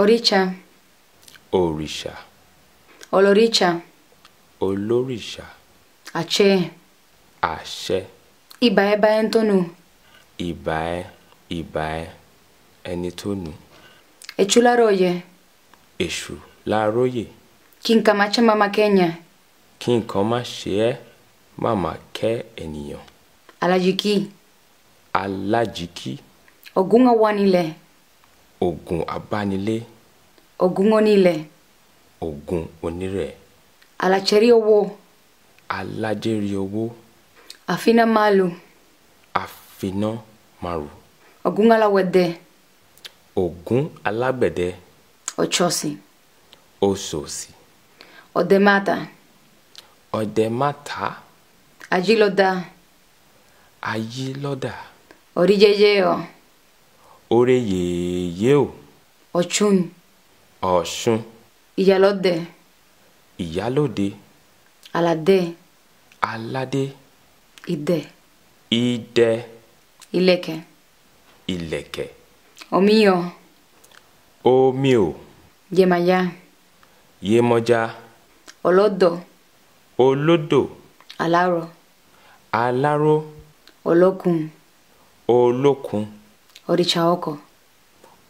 Oríṣà. Òrìṣà. Olóríṣà. Olórìṣà. Ache, Ache, Ibae ẹ bá Ibae, Ibae, nù. Ìbà ẹ ìbà ẹ ẹni tó nù. Èṣù láròyè. Èṣù láròyè. Kí nǹkan máa ṣe màmá kẹ́yìn. Kí nǹkan máa ṣe ẹ́ màmá kẹ́ ènìyàn. Alájìkí. Alájìkí. Ògún àwanilẹ̀. Ògún abánilé. Ògún Onílẹ̀. Ògún Onírẹ̀. Alacheri owó. Alájẹrí owó. Àfiná màálù. Àfiná màálù. Ògún aláwẹ̀dẹ. Ògún alágbẹ̀dẹ. Ọ̀chọ́sì. Oṣòṣì. Ọ̀dẹ̀mátà. Ọ̀dẹ̀mátà. Ajílọ́dà. Ajílọ́dà. Orí jẹjẹ o. Orí yèyé o. Ọ̀chún. Ọ̀ṣun. Ìyálóde. Ìyálóde. Aládé. Aládé. Idẹ. Idẹ. Ìlẹ̀kẹ̀. Ìlẹ̀kẹ̀. Omíyọ. Omíò. Yemaya. Yemọja. Olódò. Olódò. Aláró. Aláró. Olókun. Olókun. Òrìṣà oko.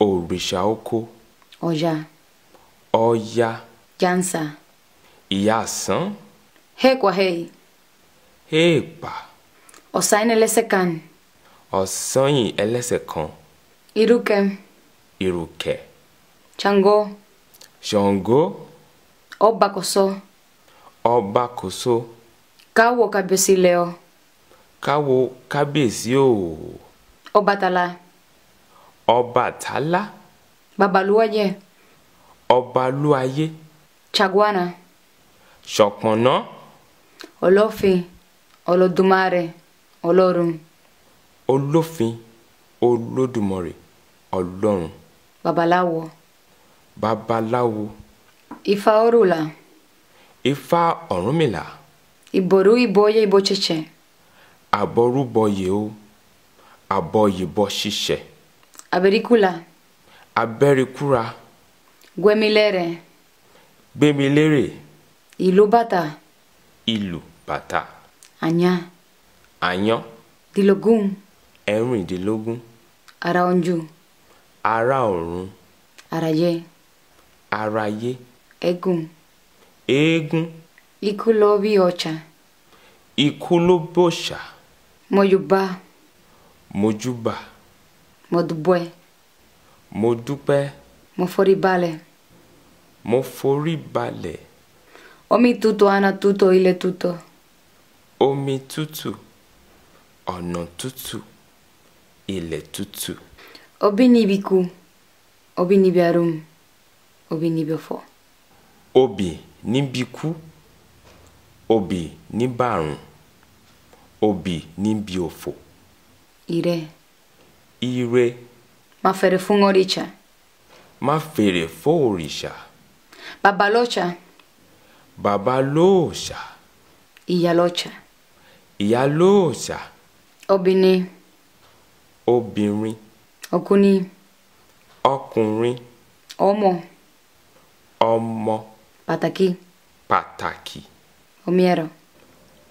Òrìṣà oko. Ọya. Ọya. jansa Ìyá àsán. Hekwa hei. Èèpà. kan. Ọ̀sányìn ẹlẹ́sẹ̀ kan. Ìrùkẹ̀m. Ìrùkẹ̀. Ṣàngó. Ṣàngó. Ọba kòso. Ọba kòso. Káwo o. o. Ọbalúayé. Chagwana. Ṣọ̀pọ̀nná. Ọlọ́fin. Olódùmarè. Ọlọ́run. Olófin. Olódùmarè. Ọlọ́run. Babaláwo. Babaláwo. Ifá Ọ̀rúnlá. Ifá Ọ̀rúnmìlà. Ìbòrú ìbọyè ìbò ṣíṣe. Àbọrúbọyè o, àbọyìbọ ṣíṣe. Àbẹ̀ríkúlà. Abẹ́ríkúra. Gbẹ́milẹ́rẹ̀. Gbẹ́milẹ́rẹ̀. Ìlù bàtà. Ìlù bàtà. Àyàn. Àyàn. Dìlógún. Ẹ̀rìndínlógún. Ara oúnjù. Ara ọ̀run. Àràyè. Àràyè. Ẹ̀gùn. Eégún. Ikú ló bí ọ̀ṣà. Ikú ló bọ̀ṣà. Mọ̀júbà. Mọ̀júbà. Mo dúpẹ́. Mo dúpẹ́. Mo mo forí balẹ̀. Omi tutu ana tuto ilé tutu. Omi tutu ọ̀nà tútù ilẹ̀ tútù. Obinibiku obinibiarum obinibiofo. Obi níbikú obì níbàrùn obì níbi òfò. Ire. Ire. Má fèrè fún richa Ma fèrè fún òrìṣà. Babalocha, Babalocha, Ìyálọ́ṣà. Ìyálọ́ṣà. Obìnrin. Obìnrin. Ọkùnrin. Ọkùnrin. Ọmọ. Ọmọ. Pàtàkì. Pàtàkì. Omi ẹ̀rọ.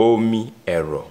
Omi ẹ̀rọ.